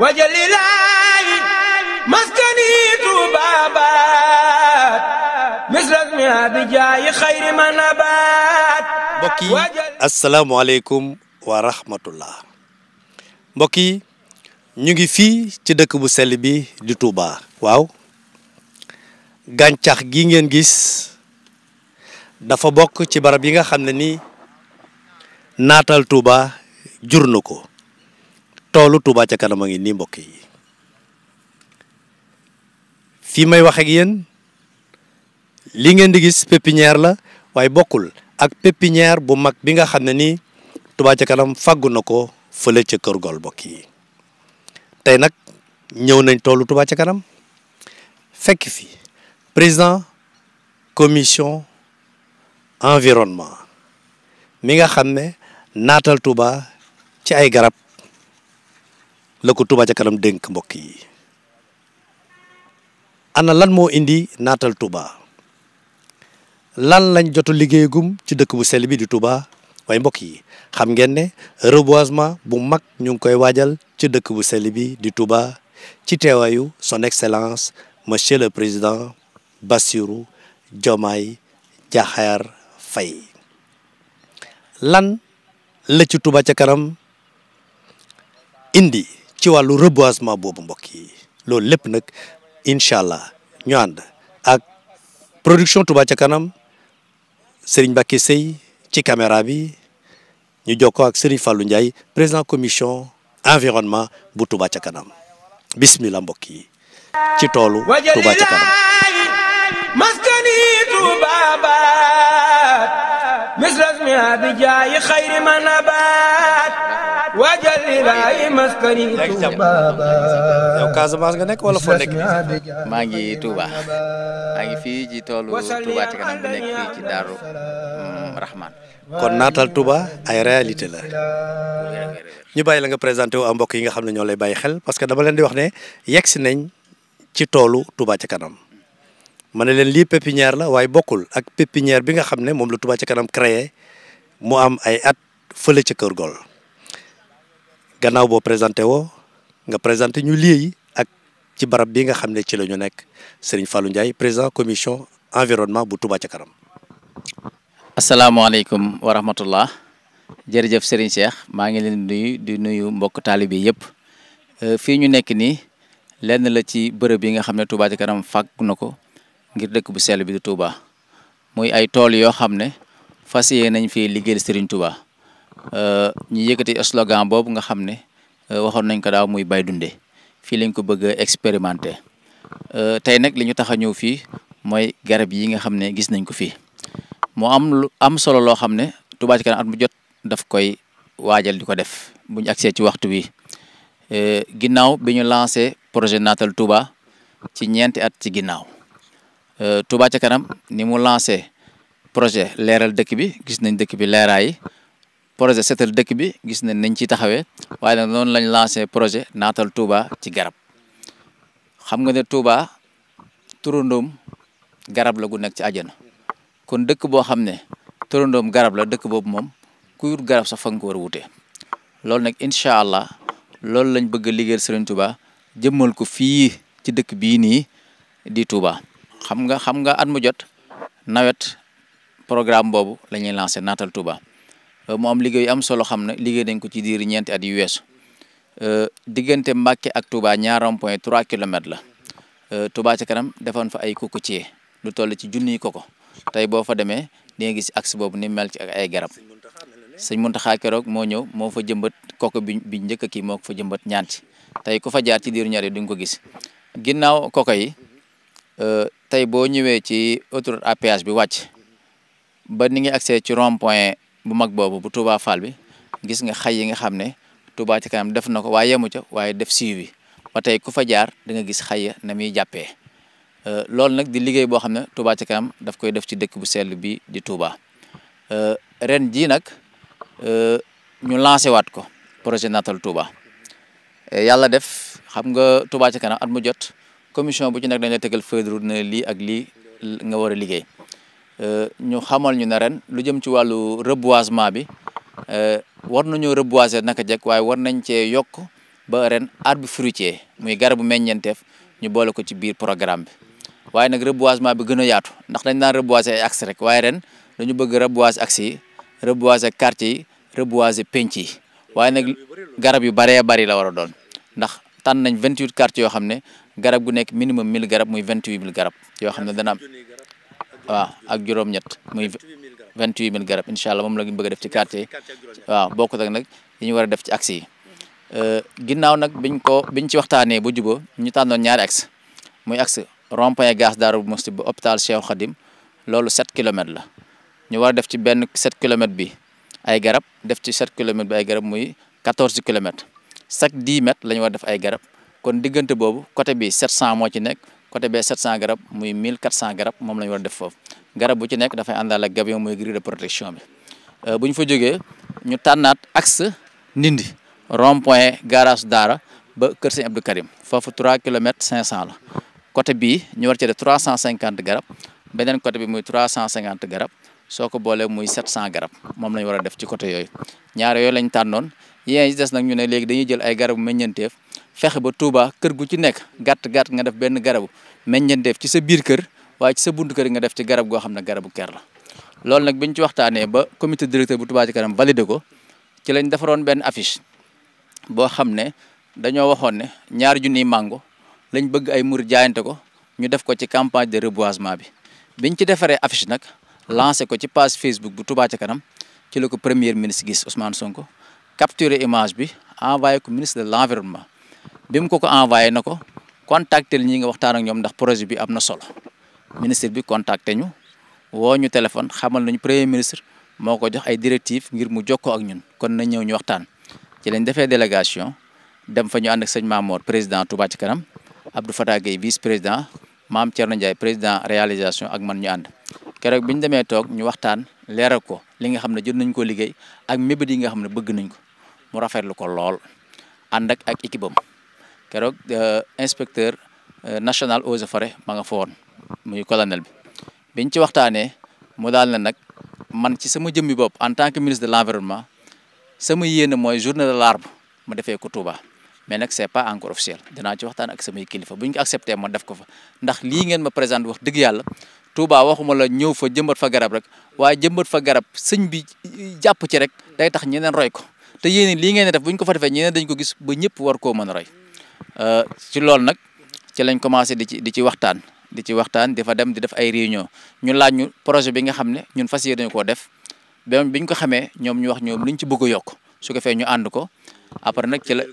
wajalilaayi maskani tubaabaat misras mi abijaayi xayri ma nabaat mbokk yi asalaamaaleykum wa rahmatullah ñu ngi fii ci dëkk bu sell bi di Touba. waaw gàncax gi ngeen gis dafa bokk ci barab yi nga xam ne ni naatal Touba jur nu ko toolu Touba ca kanam a ngi nii mbokk yi fii may wax ak yéen li ngeen di gis pépinière la waaye bokkul ak pépinière bu mag bi nga xam ne nii Touba ca kanam fàggu na ko fële ca Kër Gol mbokk yi tey nag ñëw nañ toolu Touba ca kanam fekk fi président commission environnement mi nga xam ne naatal Touba ci ay garab. la ko Touba ca kanam dénk mbokk yi ana lan moo indi natal Touba lan lañ jotu liggéeyagum ci dëkk bu sell bi di Touba waaye mbokk yi xam ngeen ne reboisement bu mag ñu ngi koy waajal ci dëkk bu sell bi di Touba ci teewaayu son excellence monsieur le président Bassirou Diomaye Diakhar fay lan la ci Touba ca kanam indi ci wàllu reboisement boobu mbokk yi loolu lépp nag incha allah ñu ànd ak production Touba ca kanam Serigne Mbacké Seye ci caméra bi ñu jokkoo ak Serigne Fallou Ndiaye président commission environnement bu Touba ca kanam bismillah mbokk yi ci toolu Touba maskani Touba misrasmi abi jaayi xayri waajal ilaahi maskani Touba nga nekk wala maa ngi Touba maa ngi fii ci toolu Touba ci kanam bi nekk fii ci Daaru mm, kon naatal tubaa ay réalité la ñu bàyyi la nga présenté wu am mbokk yi nga xam ne ñoo lay bàyyi xel parce que dama leen di wax ne yegg si nañ ci toolu tubaa ca kanam ma ne leen lii pépinière la waaye bokkul ak pépinière bi nga xam ne moom la tubaa ca kanam créé mu am ay at fële ca Kër Gol gannaaw boo présenté woo nga présenté ñu lieu ak ci barab bi nga xam ne ci la ñu nekk Serigne Fallou Ndiaye président commission environnement bu Touba ca kanam. asalaamaaleykum wa rahmatullah jërëjëf Serigne Cheikh maa ngi leen nuyu di nuyu mbokk taalibe yëpp euh, fii ñu nekk nii lenn la ci bërëb yi nga xam ne Touba ca kanam fàgg na ko ngir dëkk bu sell bi di Touba muy ay tool yoo xam ne fas yee nañ fi liggéeyal Serigne Touba. Euh, ñu yëkkati slogan boobu nga xam ne euh, waxoon nañ ko daaw muy bay dunde fii lañ ko bëgg a expérimenter euh, tey nag li ñu tax a ñëw fii mooy garab yi nga xam ne gis nañ ko fii moo am lu am solo loo xam ne Touba Ca at mu jot daf koy waajal di ko def buñu agsee ci waxtu wi ginnaaw bi ñu lancé projet natal Touba ci ñeenti at ci ginnaaw Touba Ca Kanam ni mu lancé projet leeral dëkk bi gis nañ dëkk bi leeraay projet setal dëkk bi gis nañ nañ ciy taxawee waaye nag noonu lañ lancé projet naatal Touba ci garab xam nga ne Touba turandoom garab la gu nekk ci àjjana kon dëkk boo xam ne turandoom garab la dëkk boobu moom ku garab sax fa nga ko war wutee loolu nag incha allah loolu lañ bëgg a liggéeyal Serigne jëmmal ko fii ci dëkk bii nii di Touba xam nga xam nga at jot nawet programme boobu lañuy ñuy naatal Touba. Euh, mu am liggéey am solo xam na liggéey dañ ko ci diir ñeenti at yu weesu euh, diggante Mbàkke ak Touba ñaar rond point trois kilomètres la euh, Touba ci kanam defoon fa ay cocotier lu toll ci junniy koko tey boo fa demee di nga gis axe boobu ni mel ci ak ay garab sëñ Muntaxa keroog moo ñëw moo fa jëmbat koko bi njëkk kii moo ko fa jëmbat ñaanti tey ku fa jaar ci diiru ñaar yi duñ ko gis ginnaaw koko yi tey boo ñëwee ci autoroute à bi wàcc ba ni ngi accès ci rond point bu mag boobu bu Touba Fall bi gis nga xay yi nga xam ne Touba ci kanam def na ko waaye yemu ca waaye def siiw bi ba tey ku fa jaar da nga gis xay na muy jàppee euh, loolu nag di liggéey boo xam ne Touba ci kanam daf koy def ci dëkk bu sell bi di Touba euh, ren jii nag euh, ñu lancé waat ko projet natal Touba yàlla def xam nga Touba ci kanam at mu jot commission bu ci nag dañ la tegal feuille de route lii ak lii nga war a liggéey Euh, ñu xamal ñu ne ren lu jëm ci wàllu reboisement bi euh, war nañoo reboiser naka jekk waaye war nañ cee yokk ba ren arbre fruitier muy garabu meññeenteef ñu boole ko ci biir programme bi waaye nag reboisement bi gën a yaatu ndax dañ daan reboiser ay rek waaye ren dañu bëgg reboiser axe yi reboiser quartier yi reboiser penc yi waaye nag garab yu bëree bëri la war a doon ndax tànn nañ 28 quartiers yoo xam ne garab gu nekk minimum 1000 garab muy 28000 garab yoo xam ne dana am waaw ak juróom-ñett muy vingt huit mille garab incha allah moom la ñu bëgg a def ci quartier waaw bokkut nag yi ñu war a def ci axe yi euh, ginnaaw nag biñ ko biñ ci waxtaanee bu jubóo ñu tànnoon ñaari axe muy axe rond-point gaz Daaru Musti bu hôpital Cheikh Khadim loolu sept kilomètres la ñu war a def ci benn sept kilomètres bi ay garab def ci sept kilomètres bi ay garab muy quatorze kilomètres chaque dix mètres la ñu def ay garab kon diggante boobu côté bi sept moo ci nekk. côté bee 700 garab muy 1400 garab moom la ñu war a def foofu garab bu ci nekk dafay àndaale ak gabion muy grille protection bi euh, bu ñu fa jógee ñu tànnaat axe ndindi rond point garage daara ba kër Sëñ Abdou Karim foofu 3 kilomètres 500 la côté bii ñu war cee def cinquante garab beneen côté bi muy 350 garab soo ko boolee muy 700 garab moom la war a def ci côté yooyu ñaar yooyu lañ tànnoon yéen yi des nag ñu ne léegi dañuy jël ay garab meññeenteef. fexe ba Touba kër gu ci nekk gàtt gàtt nga def benn garabu meññeen def ci sa biir kër waaye ci sa buntu kër nga def ci garab goo xam ne garabu ker la. loolu nag bi ñu ci waxtaanee ba comité directeur bu Touba ci kanam validé ko ci lañ defaroon benn affiche boo xam ne dañoo waxoon ne ñaari junniy màngo lañ bëgg ay mur jaayante ko ñu def ko ci campagne de reboisement bi bi biñ ci defaree affiche nag lancé ko ci page Facebook bu Touba ci kanam ci la ko premier ministre gis Ousmane Sonko capturé image bi envoyé ko ministre de l'environnement. bi mu ko ko envoyé na ko contactel ñi nga waxtaan ak ñoom ndax projet bi am na solo ministre bi contacté ñu woo ñu téléphone xamal nañu premier ministre moo ko jox ay directives ngir mu jokkoo ak ñun kon nañ ñëw ñu waxtaan ci lañ defee délégation dem fa ñu ànd ak sëñ Mamour président Touba ci kanam Abdou Fatah Gueye vice président Mame Thierno Ndiaye président réalisation ak man ñu ànd keroog bi ñu demee toog ñu waxtaan leeral ko li nga xam ne jot nañ ko liggéey ak mébét yi nga xam ne bëgg nañ ko mu rafetlu ko lool ànd ak ak équipe am keroog euh, inspecteur euh, national eaux et forêts ma nga fa muy colonel bi biñ ci waxtaanee mu daal ne nag man ci sama jëmmi bopp en tant que ministre de l'environnement sama yéene mooy journée de l'arbre ma defee ko Touba mais nag c'est pas encore officiel dinaa ci waxtaan ak samay kilifa bu ko accepté ma def ko fa ndax lii ngeen ma présenté wax dëgg yàlla Touba waxuma la ñëw fa jëmbat fa garab rek waaye jëmbat fa garab sëñ bi jàpp ci rek day tax ñeneen roy ko te yéen lii ngeen def bu ñu ko fa defee ñeneen dañ ko gis ba ñëpp war koo mën a roy ci loolu nag ci lañ commencé di ci di ci waxtaan di ci waxtaan di fa dem di def ay réunion ñu laaj ñu projet bi nga xam ne ñun fas yéene koo def ba biñ ko xamee ñoom ñu wax ñoom luñ ci bëgg yokk su fee ñu ànd ko après nag ci la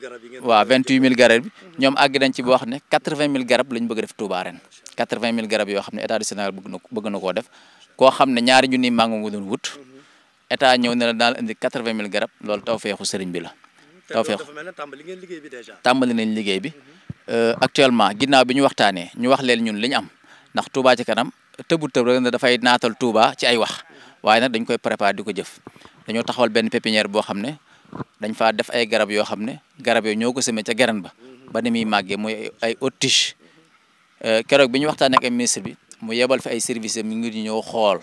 waaw 28000 garab bi ñoom àgg nañ ci boo xam ne 80000 garab lañ bëgg a def Touba ren 80000 garab yoo xam ne état du Sénégal bëgg na bëgg na koo def koo xam ne ñaari junniy màngo nga doon wut ne la daal indi 80000 garab loolu taw feexu seriñ bi la tawfeex tàmbali nañ liggéey bi euh, actuellement ginnaaw bi ñu waxtaanee ñu wax leen ñun li ñu am ndax Touba ci kanam tëbu tëb rek ne dafay naatal Touba ci ay wax waaye nag dañ koy préparer di ko jëf dañoo taxawal benn pépinière boo xam ne dañ faa def ay garab yoo xam ne garab yoo ñoo ko semé ca garan ba ba ni muy màggee mooy ay autiche euh, keroog bi ñu waxtaanee ak ministre bi mu yebal fi ay services mi ngi ñëw xool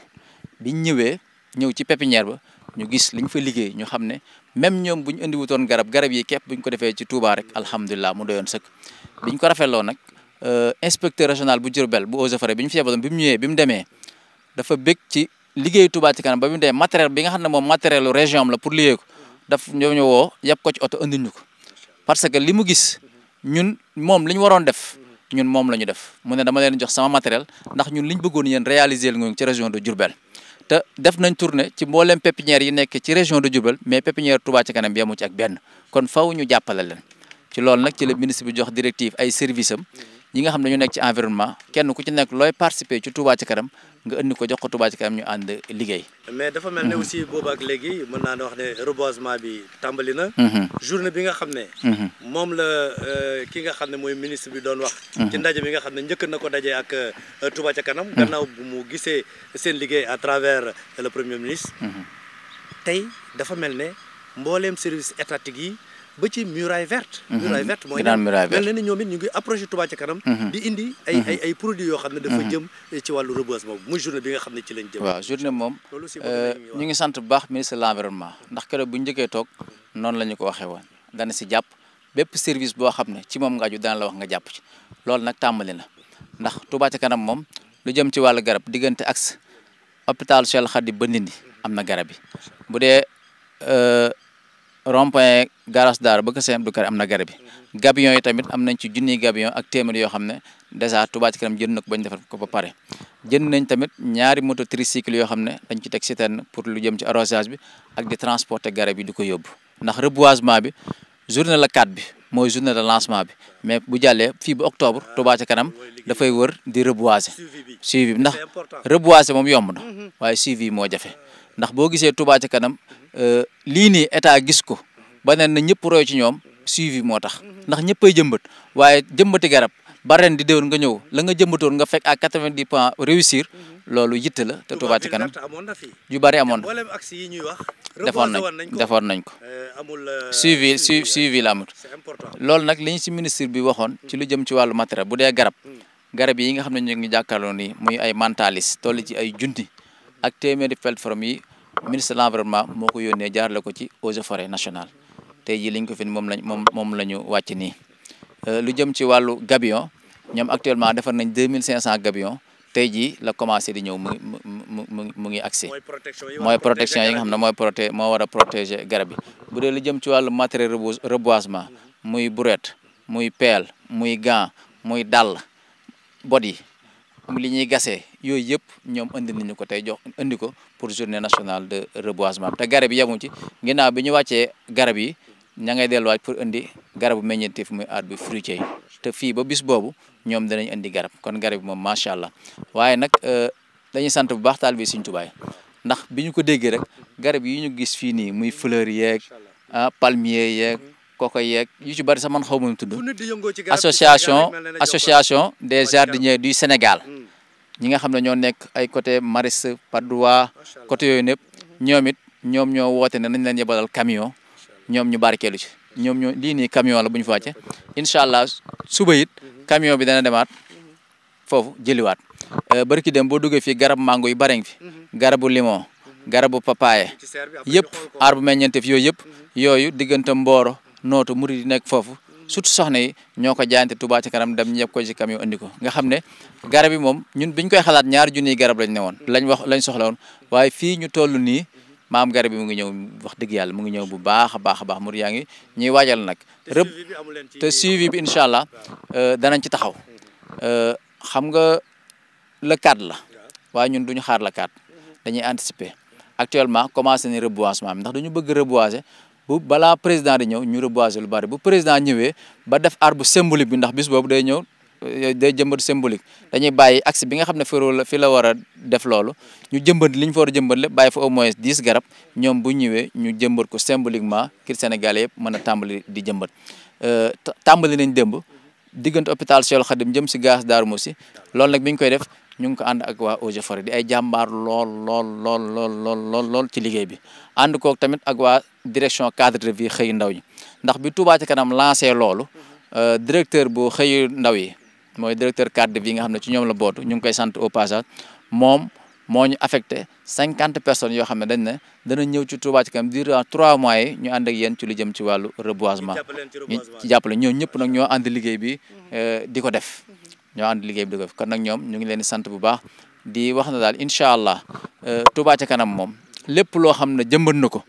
biñ ñëwee ñëw ci pépinière ba ñu gis liñ fa liggéey ñu xam ne même ñoom bu ñu indiwutoon garab garab yi képp bu ñu ko defee ci Touba rek alhamdulilah mu doyoon sëkk biñ ko rafetloo nag euh, inspecteur régional bu Diourbel bu eaux et forêts bi ñu fi yebaloon bi mu ñëwee bi mu demee dafa bég ci liggéey Touba ci kanam ba bi mu demee matériel bi nga xam ne moom matériel région am la pour liggéey ko daf ñoo ñu woo yàpp ko ci oto andi ñu ko parce que li mu gis ñun moom li ñu waroon def ñun moom la ñu def mu ne dama leen jox sama matériel ndax ñun liñ bëggoon yéen réaliser lu ci région de Diourbel te def nañ tournée ci mboolem pépinière yi nekk ci région de Diourbel mais pépinière Touba ci kanam yemu ci ak benn kon faw ñu jàppale leen ci loolu nag ci la ministre bi jox directive ay service am ñi nga xam ne ñu nekk ci environnement kenn ku ci nekk looy participer ci Touba ci kanam nga indi ko jox ko Touba Ca Kanam ñu ànd liggéey. mais dafa mel ne mhm. aussi boobu ak léegi mën naa ne wax ne reboisement bi tàmbali na. Mhm. journée bi nga xam ne. Mhm. moom la euh, ki nga xam ne mooy ministre bi doon wax. ci ndaje bi nga xam ne njëkk na ko daje ak euh, Touba Ca Kanam. gannaaw bu mu gisee seen liggéey à travers le premier ministre. tey dafa mel ne mbooleem service étatique yi. ba ci muraille verte. Mhm. muraille verte mooy naan mel na ni ñoom it ñu ngi approché Touba ca kanam. Mhm. di indi mhm. ay ay yoo xam ne. dafa jëm ci wàllu reboisement boobu muy journée bi nga xam ne ci lañ jëm. waaw journée moom euh, ñu ngi sant bu baax ministre de l'environnement ndax keroog bu njëkkee toog noonu la ñu ko waxee woon dana si jàpp bépp service boo xam ne ci moom nga aju dana la wax nga jàpp ci loolu nag tàmbali na ndax Touba ca kanam moom lu jëm ci wàllu garab diggante axe hôpital Cheikh Khady ba Ndindi am na garab yi rond-point garage Daara ba Kër Sëñ Abdou am na garab bi gabion yi tamit am nañ ci junniy gabion ak téeméer yoo xam ne dèjà Touba ci kanam jënd na ko bañ defar ko ba pare nañ tamit ñaari moto tricycle yoo xam ne dañ ci teg citerne pour lu jëm ci arrosage bi ak di transporter garab yi di ko yóbbu ndax reboisement bi journée la 4 bi mooy journée de lancement bi mais bu jàllee fi ba octobre Touba ci kanam dafay wër di reboisé suivi bi ndax reboisé moom yomb na waaye suivi moo jafe ndax boo gisee Touba ci kanam Euh, lii nii état gis ko ba neen na ñëpp roy ci ñoom suivi moo tax ndax ñëppay jëmbat waaye jëmbati garab ba ren di nga ñëw la nga jëmbatoon nga fekk à quatre-vingt-dix points réussir loolu yitte la te Touba ci kanam yu bari amoon na defoon nañ defoon nañ ko suivi su suivi la amut loolu nag li ñu si ministre bi waxoon ci lu jëm ci wàllu matériel bu dee garab garab yi nga xam ne ñu ngi jàkkaarloo nii muy ay mantalis toll ci ay junti ak téeméeri plateforme yi ministre de l'environnement moo ko yónnee jaarale ko ci eaux et forêt nationale tey jii liñ ko fi moom lañ moom moom la ñu wàcc nii. Euh, lu jëm ci wàllu gabion ñoom actuellement defar nañ 2500 gabion tey jii la commencé di ñëw mu mu mu mu ngi accès mooy protection yi nga xam ne mooy proté moo war a protéger garab yi bu dee lu jëm ci wàllu matériel reboisement muy brouette muy pelle muy gant muy dàll bot yi li ñuy gasee yooyu yëpp ñoom indi nañu ko tey jox indi ko pour journée nationale de reboisement te garab yi yamu ci ginnaaw bi ñu wàccee garab yi ña ngay delluwaat pour indi garabu meññeef muy arbre fruitier yi te fii ba bis boobu ñoom danañ indi garab kon garab yi moom macha allah waaye nag euh, dañuy sant bu baax taal bi Sëriñ Tuubaa ndax bi ñu ko déggee rek garab yi ñu gis fii nii muy fleur yeeg ah palmier yeeg koko yeeg yu ci bari sax man xaw ma tudd association association des jardiniers du Sénégal ñi nga xam ne ñoo nekk ay côté Maristes Padoue côté yooyu népp ñoom it ñoom ñoo woote ne nañ leen yebalal kamion ñoom ñu barkeelu ci ñoom ñoo lii nii camion la bu ñu fa wàcce incha allah suba it camion bi dana demaat foofu jëliwaat euh, barki dem boo duggee fii garab mango yi bare fi garabu limon garabu papaye yëpp arbre meññeentef yooyu yëpp yooyu diggante mbooro nootu murid yi nekk foofu surtout soxna yi ñoo ko jaayante Touba ci kanam dem ñëpp ko ci camion andi ko nga xam ne garab yi moom ñun biñ koy xalaat ñaari junniy garab lañ ne woon lañ wax lañ soxla woon waaye fii ñu toll nii maam garab yi mu ngi ñëw wax dëgg yàlla mu ngi ñëw bu baax a baax a baax mur yaa ngi ñuy waajal nag rëb te suivi bi incha allah euh, danañ ci taxaw euh, xam nga le cadre la waaye ñun duñu xaar le cadre mm-hmm. dañuy anticiper actuellement commencé ni reboisement bi ndax dañu bëgg reboiser bu balaa président di ñëw ñu reboiser lu bari bu président ñëwee ba def arbre symbolique bi ndax bis boobu day ñëw euh, day jëmbat symbolique dañuy bàyyi axe bi nga xam ne fi la fi la war def loolu ñu jëmbat li ñu fa war a jëmbat lépp bàyyi fa au moins dix garab ñoom bu ñëwee ñu jëmbat ko symboliquement ngir sénégal yëpp mën a tàmbali di jëmbat euh, tàmbali nañ dëmb diggante hôpital Cheikhoul Khadim jëm si gaz Darou si loolu nag bi ñu koy def ñu ngi ko ànd ak waa eaux di ay jàmbaar lool lool lool lool lool lool lool ci liggéey bi ànd koog tamit ak waa direction cadre de vie xëy ndaw yi ndax bi Touba ci kanam lancé loolu euh, directeur boo xëyu ndaw yi mooy directeur cadre de vie nga xam ne ci ñoom la boot ñu ngi koy sant au passage moom moo ñu affecté cinquante personnes yoo xam ne dañ ne dana ñëw ci Touba ci kanam durant trois mois yi ñu ànd ak yéen ci lu jëm ci wàllu reboisement ñu ci jàppale ñoo ñëpp nag ñoo ànd liggéey bi euh, di ko def ñoo ànd liggéey bi di ko kon nag ñoom ñu ngi leen di sant bu baax di wax na daal incha allah euh, Touba ca kanam moom lépp loo xam ne jëmbat na ko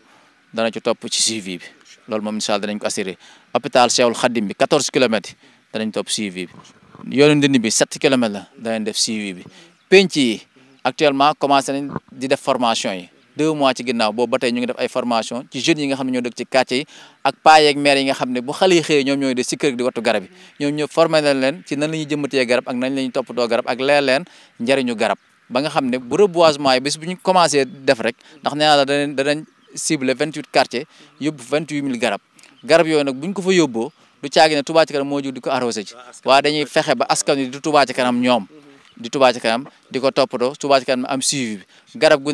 dana ci topp ci suivi bi loolu moom incha allah danañ ko assuré hôpital Cheikhul Khadim bi 14 kilomètres danañ topp suivi bi yoonu ndindi bi 7 kilomètres la danañ def suivi bi penc yi actuellement commencé nañ di def formation yi. deux mois ci ginnaaw boobu ñu ngi def ay formation ci jeunes yi nga xam ne ñoo dëkk ci quartier yi ak paa yeeg yi nga xam ne bu xale yi xëyee ñoom ñooy de si kër di wattu garab yi ñoom ñoo leen ci nan la ñuy garab ak nañ la ñuy garab ak leer leen njëriñu garab ba nga xam ne bu reboisement yi bis bu ñu def rek ndax nee la danañ danañ ciblé 28 quartiers yóbbu 28000 garab garab yooyu nag bu ko fa yóbboo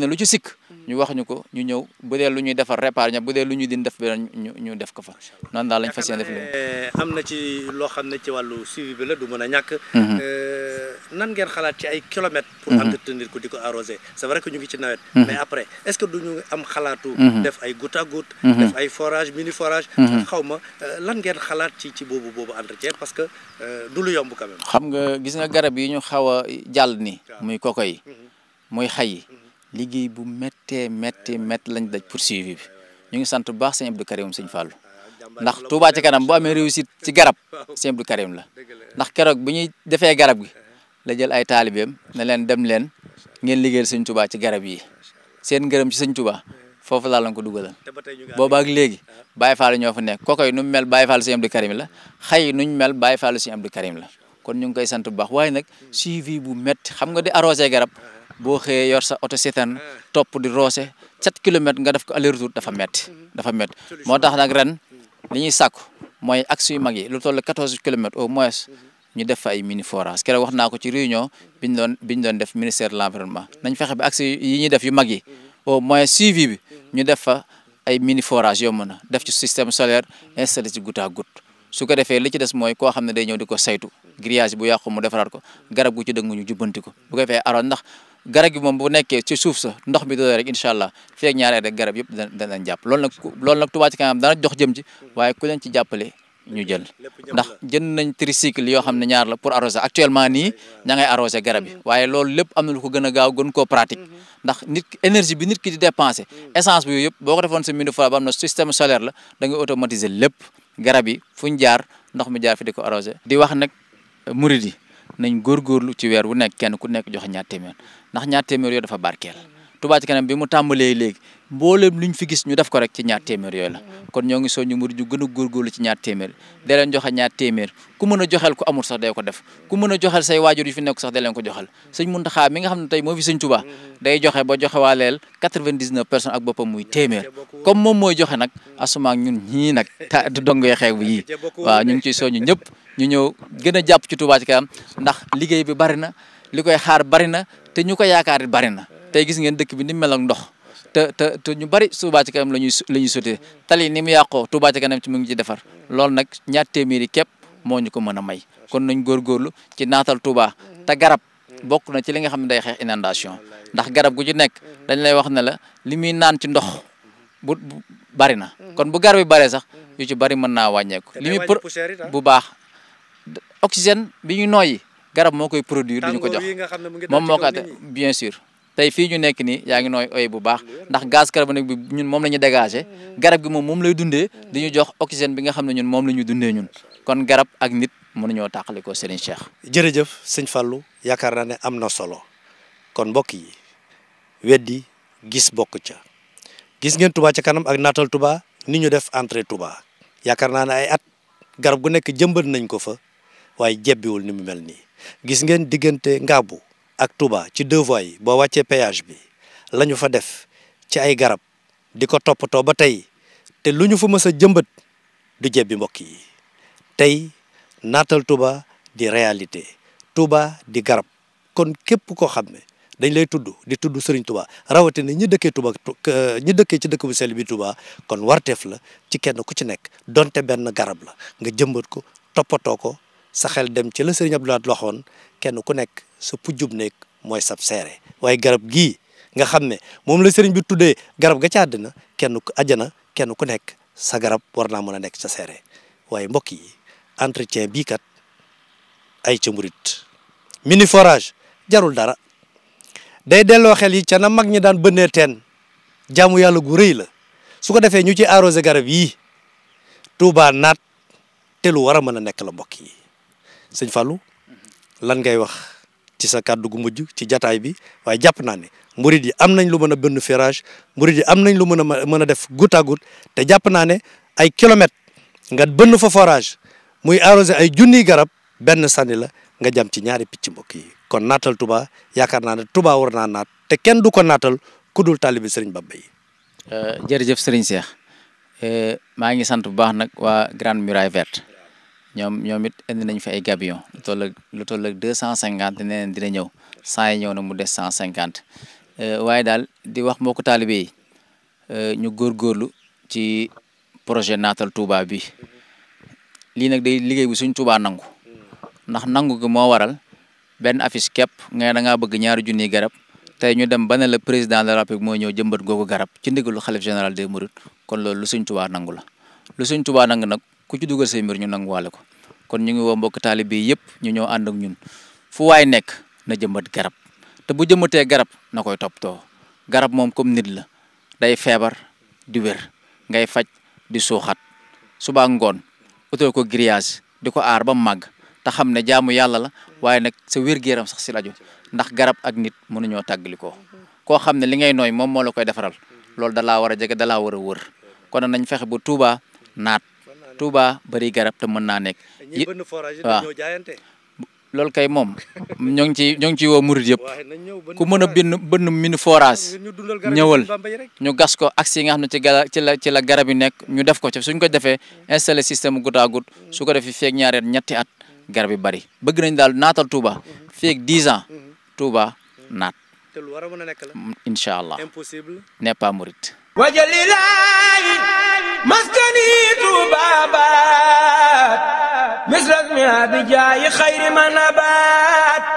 lu ci ñu wax ñu ko ñu ñëw bu lu ñuy defar réparé ña bu dee lu ñuy din def beneen ñu ñu def ko fa noonu daal lañ fas def léegi eh, am na ci loo xam ne ci wàllu suivi bi la du mën a ñàkk mhm. eh, nan ngeen xalaat ci ay kilomètres pour mhm. entretenir ko di ko arrosé c'est vrai que ñu ngi ci nawet mhm. mais après est-ce que duñu am xalaatu def ay gout à goutte def ay forage mini forage xaw ma eh, lan ngeen xalaat ci ci boobu boobu entretien parce que du lu yomb quand xam nga gis nga garab yi ñu xaw a jàll ni muy yi liggéey bu méttee métti métti lañ daj poursuivi bi ñu ngi sant bu baax sëñ Abdou Karim sëñ Fallou ndax Touba ci kanam bu amee réussite ci garab sëñ Abdou Karim la ndax keroog bu ñuy defee garab gi la jël ay taalibeem ne leen dem leen ngeen liggéey sëñ Touba ci garab yi seen ngërëm ci sëñ Touba foofu laa lañ ko dugalal booba ak léegi Baye Fall ñoo fa nekk kokoy nu mu mel Baye Fall sëñ Abdou Karim la xëy nuñ mel Baye Fall sëñ Abdou Karim la kon ñu ngi koy sant bu baax waaye nag suivi bu boo xëyee yor sa oto seetaan eh. topp di roose 7 kilomètres nga def ko aller retour dafa metti mhm. dafa metti moo tax nag ren mhm. li ñuy sàkku mooy axe yu mag yi lu toll 14 kilomètres au moins mhm. ñu def fa ay mini forage keroog wax naa ko ci réunion bi ñu doon bi ñu def ministère de l'environnement nañ fexe ba axe ñuy def yu mag yi au moins suivi bi ñu def fa ay mini forage yoo mën a def ci système solaire installé ci goutte à goutte su ko defee li ci des mooy koo xam ne day ñëw di ko saytu grillage bu yàqu mu defaraat ko garab gu ci dëng ñu jubbanti bu ko defee aroon ndax garab gi moom boo nekkee ci suuf sa ndox mi doy rek incha allah feeg ñaari rek garab yëpp danañ jàpp lool nag loolu nag Touba ci kanam dana jox jëm waaye ku leen ci jàppale ñu jël ndax jën nañ tricycle yoo xam ne ñaar la pour arroser actuellement nii ña ngay arroser garab yi waaye loolu lépp am na lu ko gën a gaaw gën ko pratique ndax nit énergie bi nit ki di dépenser essence bi yooyu yëpp boo ko defoon sa mille francs ba am na système solaire la da ngay automatiser lépp garab yi fu ñu jaar ndox mi jaar fi di wax nag murid yi nañ góor góorlu ci weer wu nekk kenn ku nekk joxe ñaar téeméer ndax ñaar téeméer yooyu dafa barkeel Touba ci kanam bi mu tàmbalee léegi mboolem luñ fi gis ñu def ko rek ci ñaar téeméer yooyu la mm-hmm. kon ñoo ngi soo ñu murid ñu gën a góorgóorlu ci ñaar téeméer da leen joxe ñaar téeméer ku mën ku amul sax day ko def say waajur yu fi nekk sax da leen ko joxel sëñ Muntaxa mi nga xam ne tey moo fi sëñ mm-hmm. joxe ba joxe waaleel 99 personnes ak boppam muy téeméer comme moom mooy joxe nag ñun ñii nag ta dongee xeew bi yii waaw ñu ngi ñëpp ñu ñëw a jàpp ci Touba kanam ndax liggéey bi bari na li koy xaar bari na te ñu ko yaakaar bari na tey gis ngeen dëkk bi ni mel ndox te te te ñu bari Touba Ca Kanam la ñuy la ñuy sotee tali ni mu yàqoo Touba ci Kanam ci mu ngi ci defar loolu nag ñaar téeméeri képp moo ñu ko mën a may kon nañ góorgóorlu ci naatal Touba te garab bokk na ci li nga xam ne day xeex inondation ndax garab gu ci nekk dañ lay wax ne la li muy naan ci ndox bu bari na kon bu garab yi baree sax yu ci bari mën naa wàññeeku. li muy bu baax oxygène bi ñu nooyi garab moo koy produire. dañu ko jox moom moo ko bien tey fii ñu nekk nii yaa ngi nooy oy bu baax ndax gaz carbonique bi ñun moom lañu ñu dégagé garab gi moom moom lay dundee di ñu jox oxygène bi nga xam ne ñun moom la ñu dundee ñun kon garab ak nit mënuñoo tàqali ko seeni Cheikh. jërëjëf sëñ Fallou yaakaar naa ne am na solo kon mbokk yi weddi gis bokk ca gis ngeen tubaa ca kanam ak naatal tubaa ni ñu def entrée Touba yaakaar naa ne ay at garab gu nekk jëmbat nañ ko fa waaye jebbiwul ni mu mel nii gis ngeen diggante Ngaabu ak Touba ci deux voies yi boo wàccee péage bi lañu fa def ci ay garab di ko toppatoo ba tey te lu ñu fa mës a jëmbat du jebbi mbokk yi tey naatal Touba di réalité Touba di garab kon képp koo xam ne dañ lay tudd di tudd Serigne Touba rawatina ñi dëkkee Touba ñi dëkkee ci dëkk bu sell bi Touba kon warteef la ci kenn ku ci nekk donte benn garab la nga jëmbat ko toppatoo ko. sa xel dem ci la sëriñ Abdoulaat waxoon kenn ku nekk sa pujjub néeg mooy sab seere waaye garab gii nga xam ne moom la sëriñ bi tuddee garab ga ci àddina kenn ku àjjana kenn ku nekk sa garab war naa mën a nekk sa seere waaye mbokk yi entretien bii kat ay ca murit mini forage jarul dara day delloo xel yi ca na mag ñi daan bënnee teen jaamu yàlla gu rëy la su ko defee ñu ci arrosé garab yii Touba naat te lu war a mën a nekk la mbokk yi sëñ Fallou lan ngay wax ci sa kàddu gu mujj ci jataay bi waaye jàpp naa ne murid yi am nañ lu mën a bënn ferrage murid yi am nañ lu mën a mën a def goutte à te jàpp naa ne ay kilomètres nga bënn fa forage muy arrosé ay junniy garab benn sànni la nga jam ci ñaari picc mbokk yi kon naatal Touba yaakaar naa ne Touba war naa naat te kenn du ko naatal ku dul taalibi Serigne Bamba yi. Euh, jërëjëf Serigne Cheikh euh, maa ngi sant bu baax nag waa Grande Muraille Verte. ñoom ñoom it indi nañ fi ay gabion lu toll ak lu toll ak deux cent cinquante neeneen dina ñëw saa yi ñëw na mu des cent cinquante euh, waaye daal di wax moo ko yi euh, ñu góorgóorlu ci projet natal Touba bi lii nag day liggéey bi suñ Touba nangu ndax nangu gi moo waral benn affiche képp nga da ngaa bëgg ñaari junniy garab te ñu dem ba ne la président de la République moo ñëw jëmbat googu garab ci ndigalu xalif général de Mourides kon loolu lu suñ Touba nangu la lu suñ Touba nangu nag. ku ci dugal say mbir ñu nanguwaale ko kon ñu ngi woo mbokk taalibe yi yëpp ñu ñoo ànd ak ñun fu waay nekk na jëmbat garab te bu jëmbatee garab na koy toppatoo garab moom comme nit la day feebar di wér ngay faj di suuxat suba ngoon utal ko grillage di ko aar ba mu màgg te xam ne jaamu yàlla la waaye nag sa wér-gu-yaram sax si laju ndax garab ak nit mënuñoo tàggalikoo koo xam ne li ngay nooy moom moo la koy defaral loolu dalaa war a jege dalaa wër kon nañ fexe bu Tuuba Touba bëri garab te mën naa nekk. waaw loolu kay moom ñoo ngi ciy ñoo ngi ciy woo murit yëpp ku mën a bind bënn mini forage ñëwal ñu gas ko ak si nga xam ne ci gala ci la ci la garab yi nekk ñu def ko ci suñ ko defee installé système goutte à goutte mm-hmm. su ko defee feeg ñaareel ñetti at garab yi bari bëgg nañ daal naatal Touba mm-hmm. feeg 10 ans mm-hmm. Touba naat mm, incha allah n'est pas murit wajalilaayi maskaniitu baabaat misras mi abijaayi xayri ma nabaat